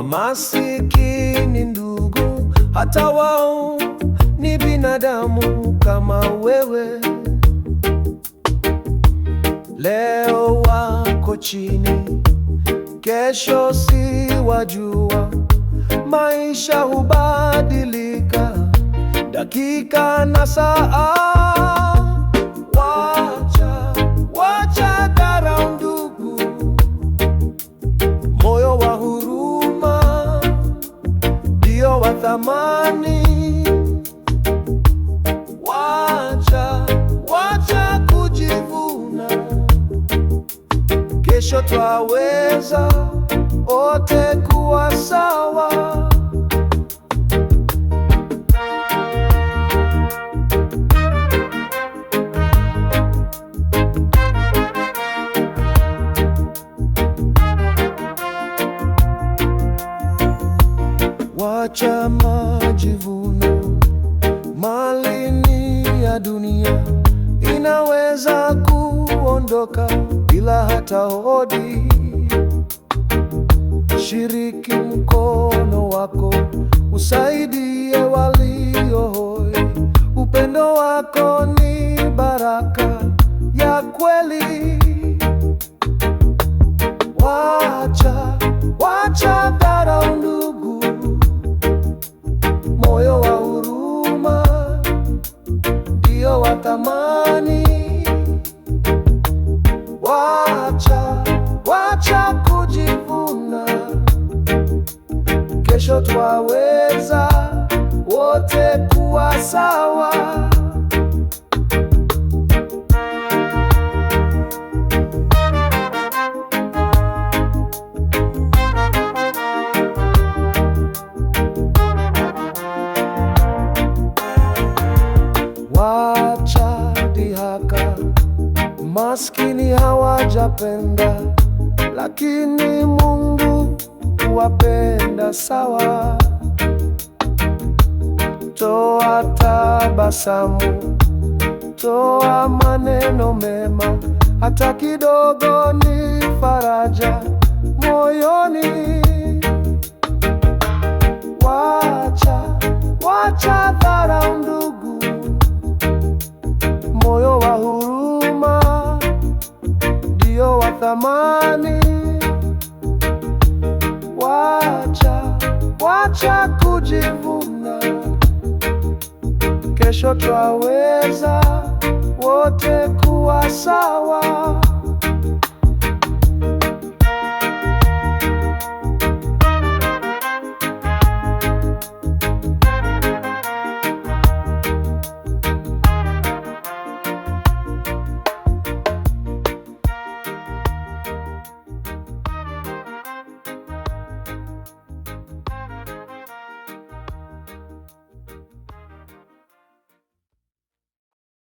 Wamasikini ndugu, hata wao ni binadamu kama wewe. Leo wako chini, kesho si wajua. Maisha hubadilika dakika na saa. thamani. Wacha, wacha kujivuna, kesho twaweza wote kuwa sawa. Acha majivuno, mali ya dunia inaweza kuondoka bila hata hodi. Shiriki mkono wako, usaidie walio hoi, upendo wako thamani. Wacha, wacha kujivuna, kesho twaweza wote kuwa sawa. dhihaka, maskini hawajapenda, lakini Mungu wapenda sawa. Toa tabasamu, toa maneno mema, hata kidogo ni faraja moyoni. Wacha wacha dharau ndugu thamani. Wacha, wacha kujivuna, kesho twaweza wote kuwa sawa.